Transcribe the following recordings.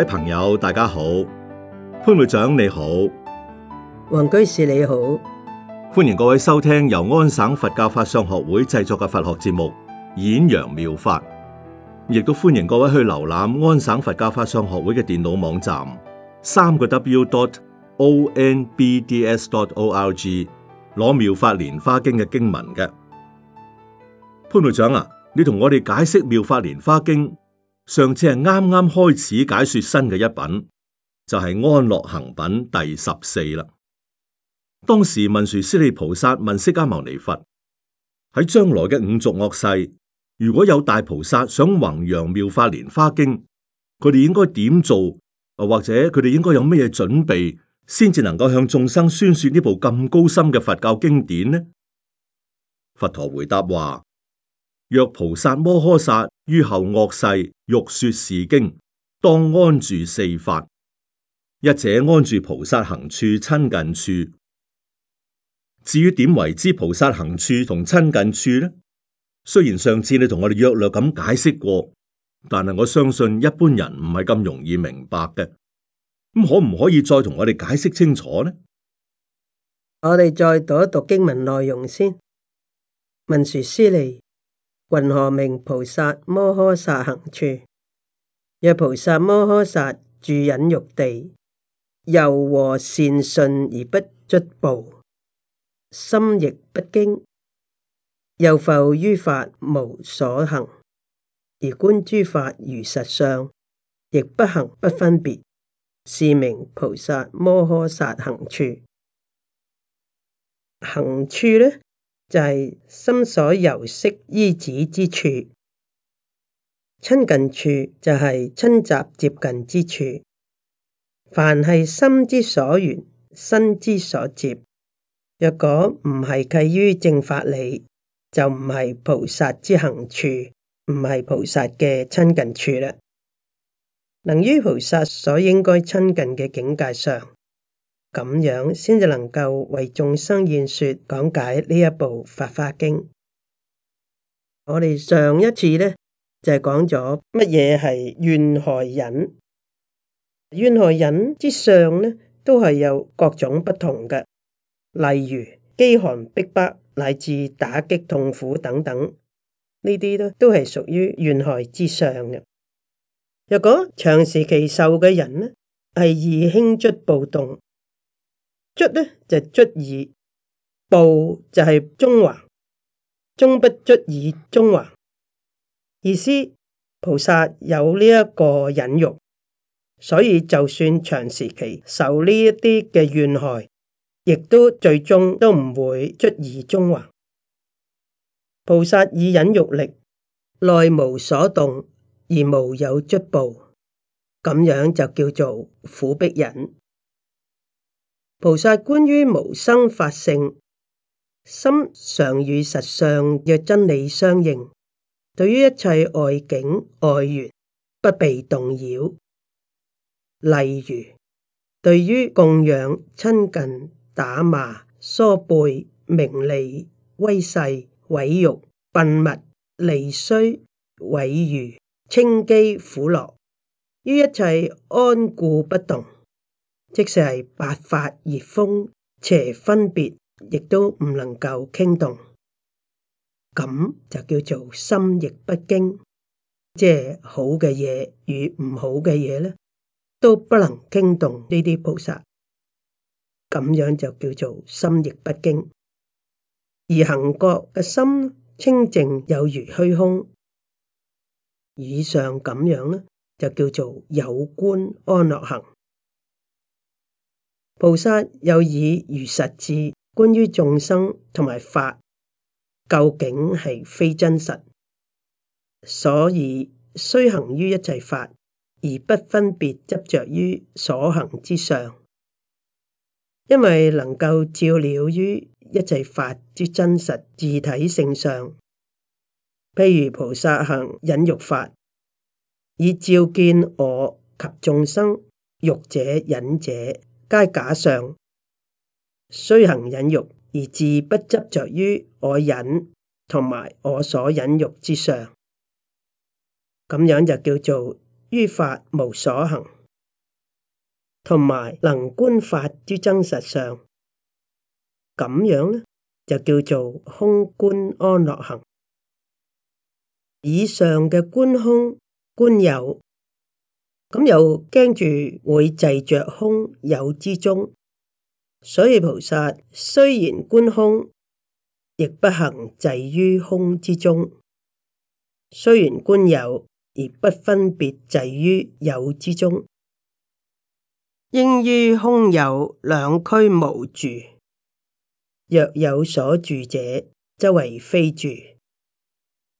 各位朋友，大家好，潘會長你好，王居士你好，歡迎各位收聽由安省佛教法相學會製作嘅佛學節目《演揚妙法》，亦都歡迎各位去瀏覽安省佛教法相學會嘅電腦網站，三個 W dot O N B D S dot O L G 攞妙法蓮花經嘅經文嘅。潘會長啊，你同我哋解釋妙法蓮花經。上次係啱啱開始解說新嘅一品，就係安樂行品第十四啦。當時文殊師利菩薩問釋迦牟尼佛：喺將來嘅五濁惡世，如果有大菩薩想弘揚妙，妙法蓮花經，佢哋應該點做？或者佢哋應該有咩嘢準備，先至能夠向眾生宣說呢部咁高深嘅佛教經典呢？佛陀回答話。若菩薩摩訶薩於後惡世欲說是經，當安住四法：一者安住菩薩行處親近處。至於點為之菩薩行處同親近處呢？雖然上次你同我哋約略咁解釋過，但係我相信一般人唔係咁容易明白嘅。咁可唔可以再同我哋解釋清楚呢？我哋再讀一讀經文內容先。文殊師利。雲何名菩薩摩訶薩行處？若菩薩摩訶薩住忍辱地，柔和善順而不卒暴，心亦不驚，又復於法無所行，而觀諸法如實相，亦不行不分別，是名菩薩摩訶薩行處。行處呢？就係心所游息依止之處，親近處就係親習接近之處。凡係心之所緣、身之所接，若果唔係契於正法理，就唔係菩薩之行處，唔係菩薩嘅親近處啦。能於菩薩所應該親近嘅境界上。咁樣先至能夠為眾生演說講解呢一部法華經。我哋上一次咧就係、是、講咗乜嘢係怨害人。怨害人之上咧都係有各種不同嘅，例如饑寒逼迫，乃至打擊、痛苦等等，呢啲咧都係屬於怨害之上嘅。若果長時期受嘅人呢，係易興卒暴動。卒呢，就卒耳，布就係中華，終不卒耳中華。意思菩薩有呢一個忍辱，所以就算長時期受呢一啲嘅怨害，亦都最終都唔會卒耳中華。菩薩以忍辱力，內無所動而無有卒布，咁樣就叫做苦逼忍。菩薩觀於無生法性，心常與實相若真理相應，對於一切外境外緣不被動搖。例如，對於供養、親近、打罵、疏背、名利、威勢、毀辱、笨物、利衰、毀譽、稱譏苦樂，於一切安固不動。即使係白發熱風邪分別，亦都唔能夠傾動，咁就叫做心亦不驚。即係好嘅嘢，與唔好嘅嘢咧，都不能傾動呢啲菩薩，咁樣就叫做心亦不驚。而行覺嘅心清淨，有如虛空，以上咁樣咧，就叫做有觀安樂行。菩薩又以如實智觀於眾生同埋法究竟係非真實，所以須行於一切法，而不分別執着於所行之上。因為能夠照了於一切法之真實自體性上，譬如菩薩行忍辱法，以照見我及眾生欲者忍者。皆假相，雖行忍辱，而自不執着於我忍同埋我所忍辱之上，咁樣就叫做於法無所行，同埋能觀法之真實相，咁樣呢，就叫做空觀安樂行。以上嘅觀空觀有。咁又驚住會滯着空有之中，所以菩薩雖然觀空，亦不行滯於空之中；雖然觀有，亦不分別滯於有之中。應於空有兩區無住，若有所住者，則爲非住。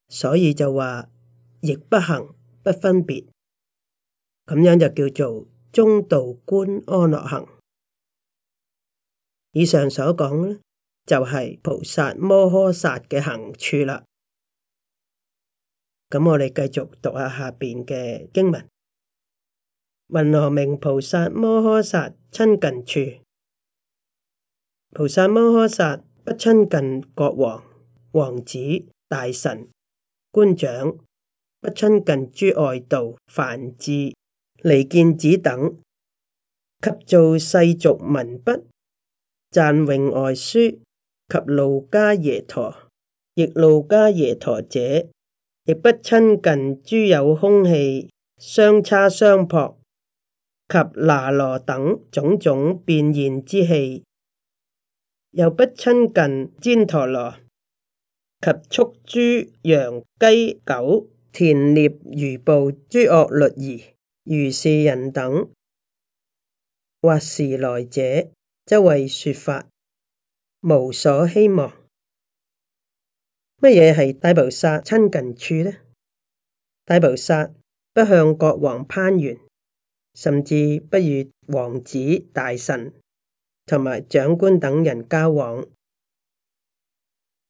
所以就話，亦不行，不分別。咁樣就叫做中道觀安樂行。以上所講呢，就係菩薩摩訶薩嘅行處啦。咁我哋繼續讀下下邊嘅經文：「云何名菩薩摩訶薩親近處，菩薩摩訶薩不親近國王、王子、大臣、官長，不親近諸外道、梵志。」尼犍子等，及做世俗文筆、讚詠外書及路伽耶陀，逆路伽耶陀者，亦不親近諸有凶戲、相扠相撲及那羅等種種變現之戲，又不親近旃陀羅及畜豬、羊、雞、狗、畋獵漁捕諸惡律儀。如是人等，或時來者，則為說法，無所希望。乜嘢係大菩薩親近處呢？大菩薩不向國王攀援，甚至不與王子、大臣同埋長官等人交往。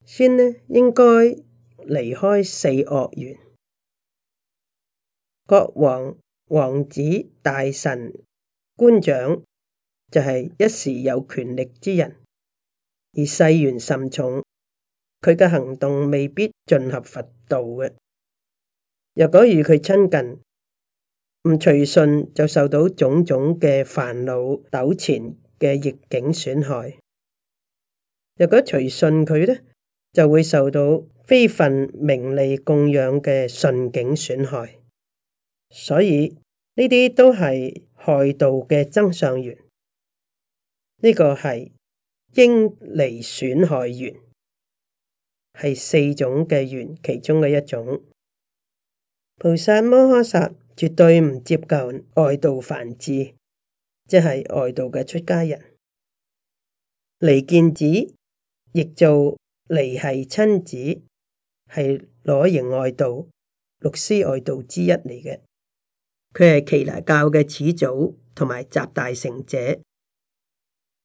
先呢，應該離開四惡緣，國王。王子、大臣、官長，就係一時有權力之人，而世緣甚重，佢嘅行動未必盡合佛道嘅。若果與佢親近，唔隨順就受到種種嘅煩惱糾纏嘅逆境損害；若果隨順佢呢，就會受到非分名利供養嘅順境損害。所以呢啲都係害道嘅增上。緣、這個，呢個係應離損害緣，係四種嘅緣其中嘅一種。菩薩摩訶薩絕對唔接近外道梵志，即係外道嘅出家人。尼犍子亦做離係親子，係裸形外道六師外道之一嚟嘅。佢係耆那教嘅始祖，同埋集大成者。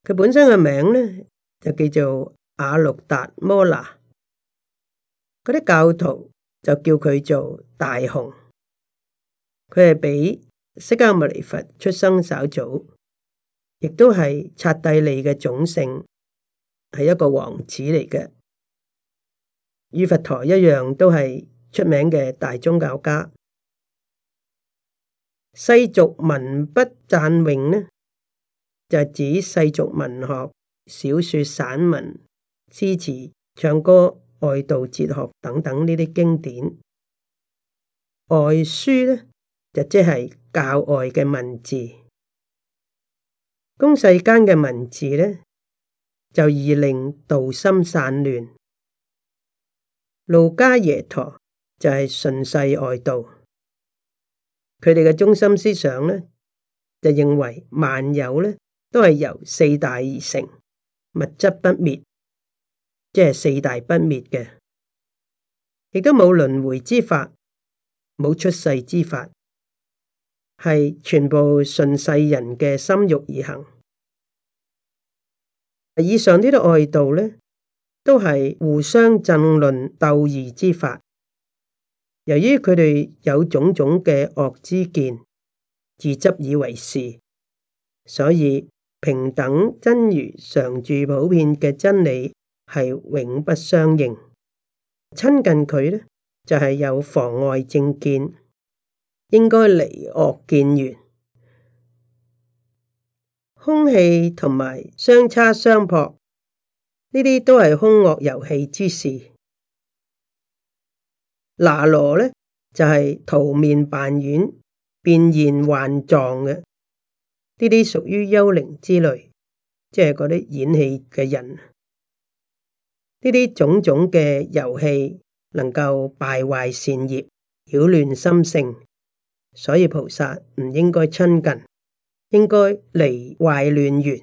佢本身嘅名咧，就叫做阿六達摩拿，嗰啲教徒就叫佢做大雄。佢係比釋迦牟尼佛出生稍早，亦都係剎帝利嘅種姓，係一個王子嚟嘅，與佛陀一樣都係出名嘅大宗教家。世俗文不讚詠呢，就指世俗文學、小說、散文、詩詞、唱歌、外道哲學等等呢啲經典。外書呢，就即係教外嘅文字。公世間嘅文字呢，就易令道心散亂。盧家耶陀就係順世外道。佢哋嘅中心思想咧，就認為萬有咧都係由四大而成，物質不滅，即係四大不滅嘅，亦都冇輪迴之法，冇出世之法，係全部順世人嘅心欲而行。以上呢啲外道咧，都係互相爭論鬥異之法。由於佢哋有種種嘅惡之見，自執以為是，所以平等真如常住普遍嘅真理係永不相應。親近佢呢，就係、是、有妨礙正見，應該離惡見緣，空氣同埋相差相撲呢啲都係凶惡遊戲之事。拿羅呢就係、是、塗面扮演、變現幻狀嘅呢啲屬於幽靈之類，即係嗰啲演戲嘅人呢啲種種嘅遊戲，能夠敗壞善業、擾亂心性，所以菩薩唔應該親近，應該離壞亂緣。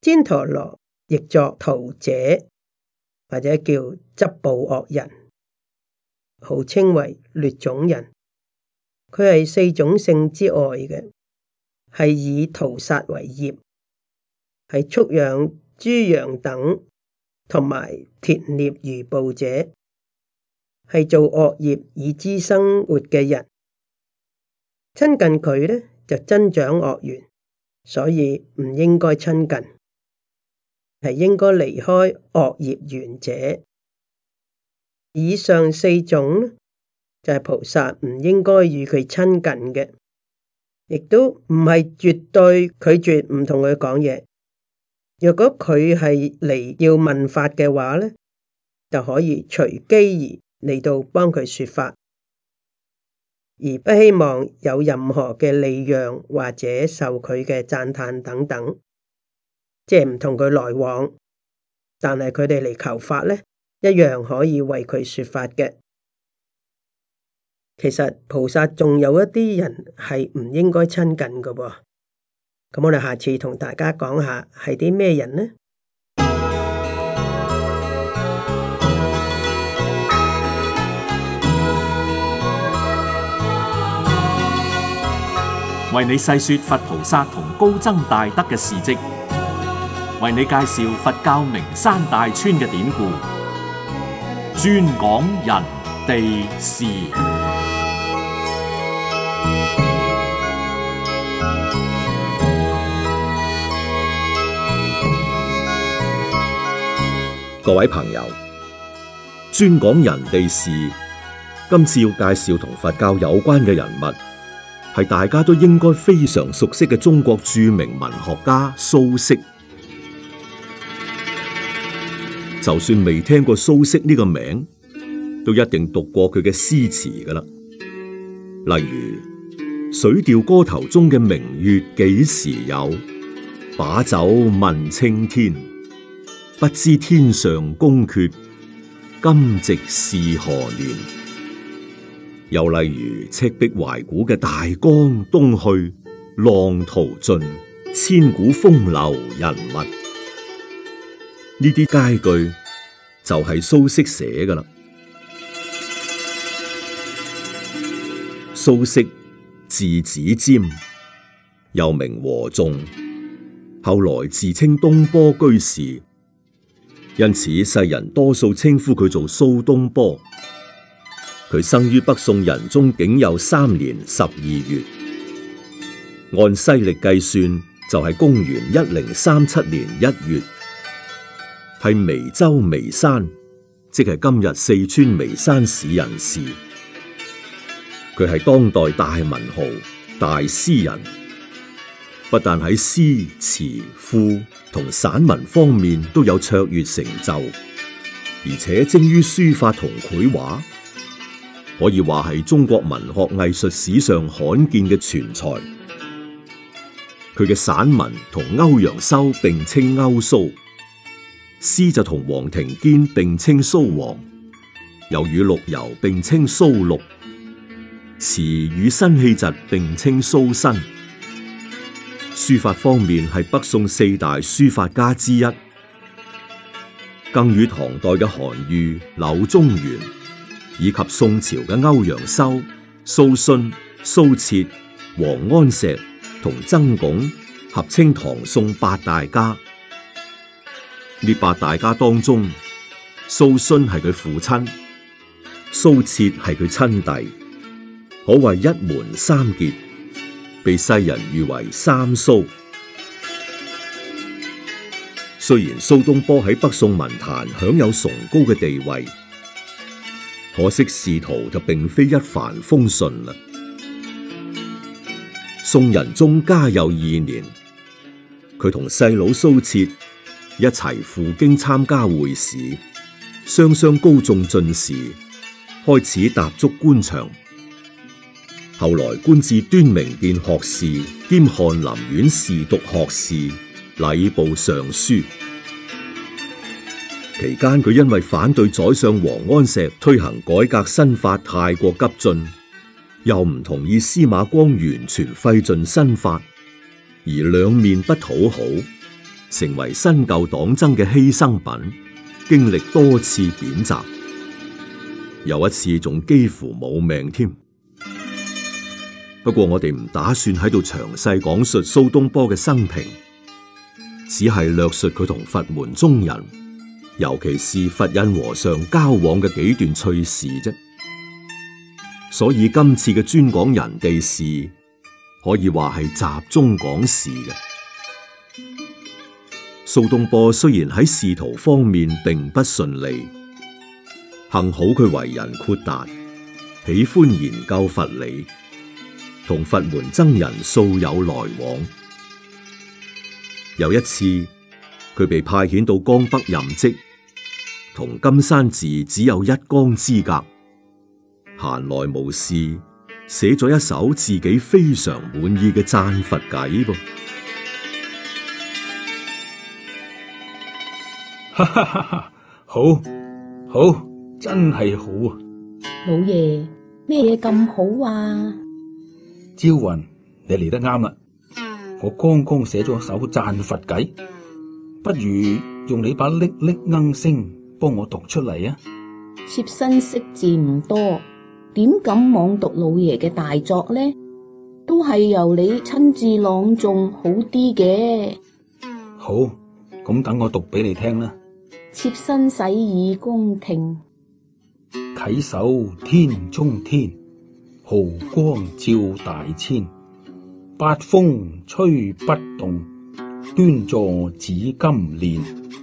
旃陀羅亦作屠者，或者叫執暴惡人。號稱為劣種人，佢係四種姓之外嘅，係以屠殺為業，係蓄養豬羊等，同埋鐵獵漁捕者，係做惡業以資生活嘅人。親近佢呢，就增長惡緣，所以唔應該親近，係應該離開惡業緣者。以上四種咧，就係菩薩唔應該與佢親近嘅，亦都唔係絕對拒絕唔同佢講嘢。若果佢係嚟要問法嘅話咧，就可以隨機而嚟到幫佢說法，而不希望有任何嘅利養或者受佢嘅讚嘆等等，即係唔同佢來往。但係佢哋嚟求法咧。一樣可以為佢說法嘅。其實菩薩仲有一啲人係唔應該親近嘅噃。咁我哋下次同大家講下，係啲咩人呢？為你細說佛菩薩同高僧大德嘅事跡，為你介紹佛教名山大川嘅典故。專講人地事，各位朋友，專講人地事。今次要介紹同佛教有關嘅人物，係大家都應該非常熟悉嘅中國著名文學家蘇軾。蘇就算未聽過蘇軾呢個名，都一定讀過佢嘅詩詞㗎喇。例如《水調歌頭》中嘅明月幾時有，把酒問青天，不知天上宮闕，今夕是何年。又例如《赤壁懷古》嘅大江東去，浪淘盡，千古風流人物。呢啲佳句就係蘇軾寫嘅啦。蘇軾字子瞻，又名和仲，後來自稱東坡居士，因此世人多數稱呼佢做蘇東坡。佢生於北宋仁宗景佑三年十二月，按西曆計算，就係、是、公元一零三七年一月。係眉州眉山，即係今日四川眉山市人士。佢係當代大文豪、大詩人，不但喺詩詞、賦同散文方面都有卓越成就，而且精於書法同繪畫，可以話係中國文學藝術史上罕見嘅全才。佢嘅散文同歐陽修並稱歐蘇。詩就同黃庭堅並稱蘇黃，又與陸游並稱蘇陸；詞與辛棄疾並稱蘇辛。書法方面係北宋四大書法家之一，更與唐代嘅韓愈、柳宗元以及宋朝嘅歐陽修、蘇洵、蘇轍、王安石同曾鞏合稱唐宋八大家。呢八大家當中，蘇洵係佢父親，蘇轍係佢親弟，可謂一門三傑，被世人譽為三蘇。雖然蘇東坡喺北宋文壇享有崇高嘅地位，可惜仕途就並非一帆風順啦。宋仁宗嘉祐二年，佢同細佬蘇轍，一齊赴京參加會試，雙雙高中進士，開始踏足官場。後來官至端明殿學士兼翰林院侍讀學士、禮部尚書。期間，佢因為反對宰相王安石推行改革新法太過急進，又唔同意司馬光完全廢盡新法，而兩面不討好。成為新舊黨爭嘅犧牲品，經歷多次貶謫，有一次仲幾乎冇命添。不過我哋唔打算喺度詳細講述蘇東坡嘅生平，只係略述佢同佛門中人，尤其是佛印和尚交往嘅幾段趣事啫。所以今次嘅專講人哋事，可以話係集中講事嘅。蘇東坡雖然喺仕途方面並不順利，幸好佢為人豁達，喜歡研究佛理，同佛門僧人素有來往。有一次，佢被派遣到江北任職，同金山寺只有一江之隔，閒來無事，寫咗一首自己非常滿意嘅讚佛偈噃。哈哈哈！ 好，好，真係好，好啊！老爺咩嘢咁好啊？朝雲，你嚟得啱啦！我剛剛寫咗首讚佛偈，不如用你把嚦嚦鶯聲幫我讀出嚟啊！妾身識字唔多，點敢妄讀老爺嘅大作呢？都係由你親自朗誦好啲嘅。好，咁、嗯、等我讀俾你聽啦。妾身洗耳恭聽，啟首天中天，豪光照大千，八風吹不動，端坐紫金蓮。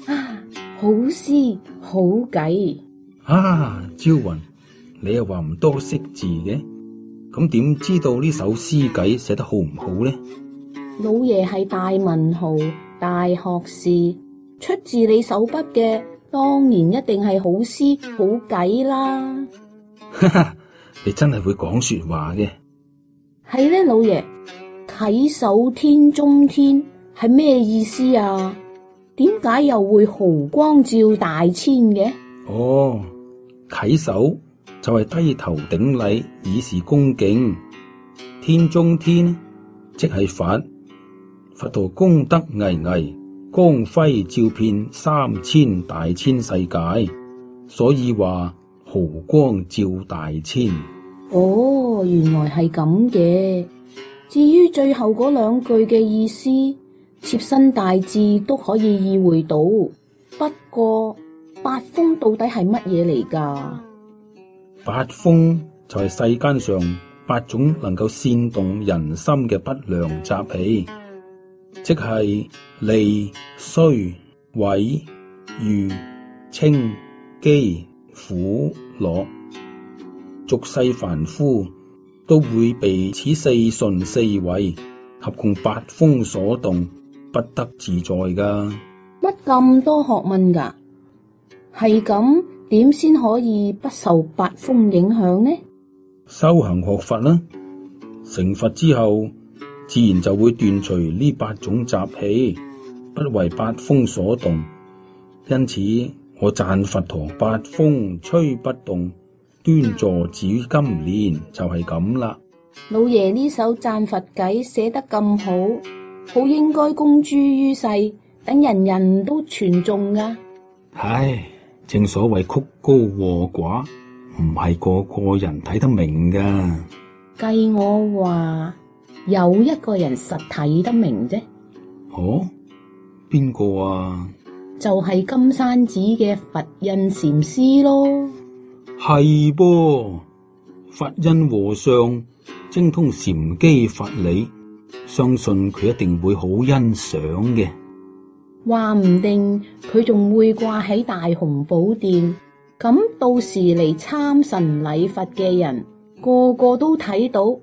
啊，好詩好偈。啊，朝雲，你又話唔多識字嘅，咁、啊、點知道呢首詩偈寫得好唔好呢？老爺係大文豪，大學士。出自你手筆嘅，當然一定係好詩好偈啦！你真係會講說話嘅，係咧，老爺。稽首天中天係咩意思啊？點解又會毫光照大千嘅？哦，稽首就係低頭頂禮，以示恭敬，天中天即係佛，佛陀功德巍巍。光輝照遍三千大千世界，所以話毫光照大千。哦，原來係咁嘅。至於最後嗰兩句嘅意思，妾身大致都可以意會到。不過八風到底係乜嘢嚟噶？八風就係世間上八種能夠煽動人心嘅不良習氣。即係利衰毀譽稱譏苦樂，俗世凡夫都會被此四順四違合共八風所動，不得自在噶。乜咁多學問噶？係咁，點先可以不受八風影響呢？修行學佛呢，成佛之後。自然就會斷除呢八種雜氣，不為八風所動。因此，我讚佛陀八風吹不動，端坐紫金蓮，就係咁啦。老爺呢首讚佛偈寫得咁好，好應該公諸於世，等人人都傳頌噶。唉，正所謂曲高和寡，唔係個個人睇得明噶。計我話。有一個人實睇得明啫。哦，邊個啊？就係金山寺嘅佛印禪師咯。係噃，佛印和尚精通禪機佛理，相信佢一定會好欣賞嘅，話唔定佢仲會掛喺大雄寶殿，咁到時嚟參神禮佛嘅人個個都睇到。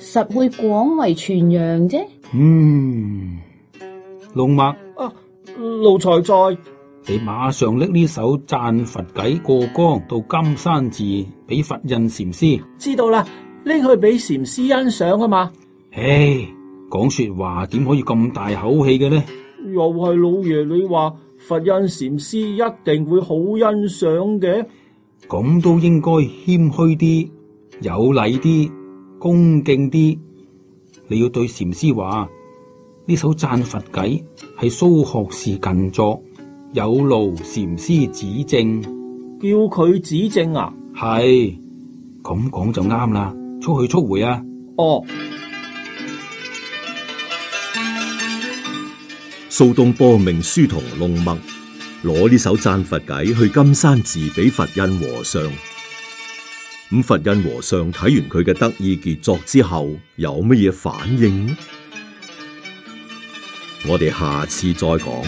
實會廣為傳揚啫。嗯，龍默啊，奴才在，你馬上拎呢首贊佛偈過江到金山寺俾佛印禪師。知道啦，拎去俾禪師欣賞啊嘛。唉，講說話點可以咁大口氣嘅呢？又係老爺你話，佛印禪師一定會好欣賞嘅。咁都應該謙虛啲，有禮啲。恭敬啲，你要對禪師話：呢首讚佛偈係蘇學士近作，有勞禪師指正，叫佢指正啊！係咁講就啱啦，速去速回啊！哦，蘇東坡命書童龍墨攞呢首讚佛偈去金山寺俾佛印和尚。五佛印和尚睇完佢嘅得意傑作之後，有乜嘢反應？我哋下次再講。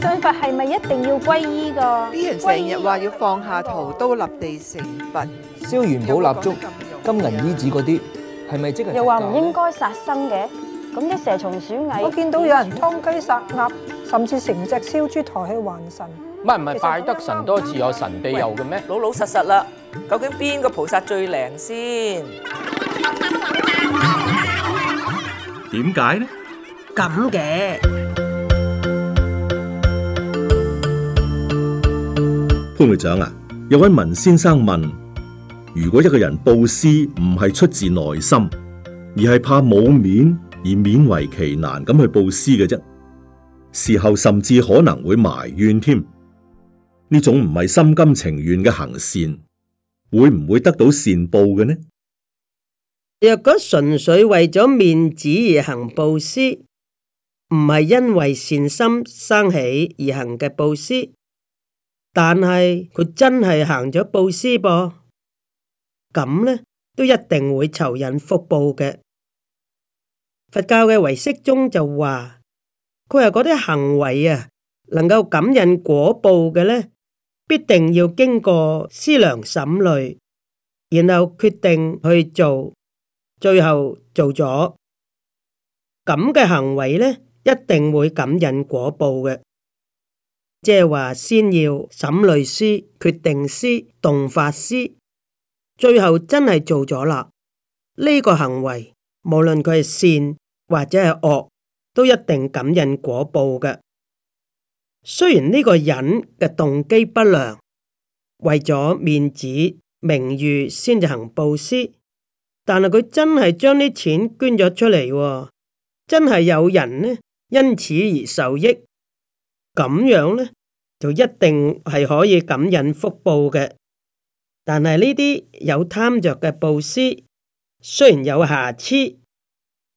信佛係咪一定要皈依噶？呢啲人成日話要放下屠刀立地成佛，燒元寶蠟燭、金銀衣紙嗰啲，係咪、啊、即係？又話唔應該殺生嘅，咁啲蛇蟲鼠蟻，我見到有人劏雞殺鴨，甚至成隻燒豬抬去還神。唔係唔係，拜得神多自有神庇佑嘅咩？老老實實啦，究竟邊個菩薩最靈先？點解呢？咁嘅潘會長啊，有位文先生問：如果一個人布施唔係出自內心，而係怕冇面而勉為其難咁去布施嘅啫，事後甚至可能會埋怨添。呢種唔係心甘情願嘅行善，會唔會得到善報嘅呢？若果純粹為咗面子而行布施，唔係因為善心生起而行嘅布施，但係佢真係行咗布施噃，咁呢都一定會仇引福報嘅。佛教嘅唯識宗就話，佢話嗰啲行為啊，能夠感應果報嘅呢？必定要經過思量審慮，然後決定去做，最後做咗咁嘅行為咧，一定會感引果報嘅。即係話先要審慮思，決定思，動發思，最後真係做咗啦。呢、這個行為，無論佢係善或者係惡，都一定感引果報嘅。雖然呢個人嘅動機不良，為咗面子、名譽先至行布施，但係佢真係將啲錢捐咗出嚟，真係有人呢因此而受益，咁樣呢就一定係可以感應福報嘅。但係呢啲有貪着嘅布施，雖然有瑕疵，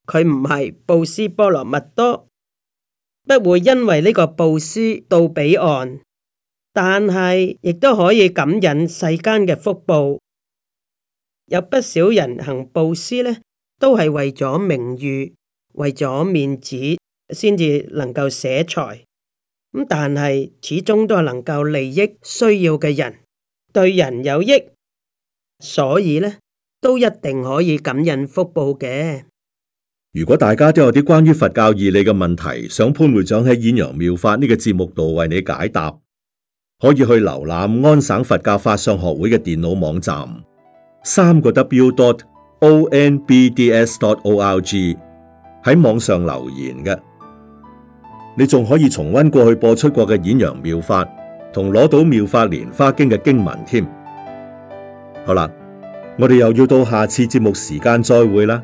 佢唔係布施波羅蜜多。不會因為呢個布施到彼岸，但係亦都可以感引世間嘅福報。有不少人行布施呢，都係為咗名譽、為咗面子，先至能夠捨財。但係始終都係能夠利益需要嘅人，對人有益，所以呢，都一定可以感引福報嘅。如果大家都有啲關於佛教義理嘅問題，想潘會長喺《演揚妙法》呢個節目度為你解答，可以去瀏覽安省佛教法相學會嘅電腦網站，三個 W dot O N B D S dot O R G 喺網上留言嘅。你仲可以重温過去播出過嘅《演揚妙法》，同攞到《妙法蓮華經》嘅經文添。好啦，我哋又要到下次節目時間再會啦。